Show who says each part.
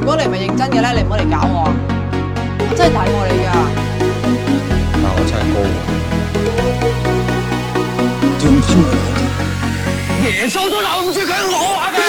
Speaker 1: 如果你唔係認真嘅咧，你唔好嚟搞我啊！我真係大過你㗎。但我真係高啊！點知耶穌都留唔住佢啊！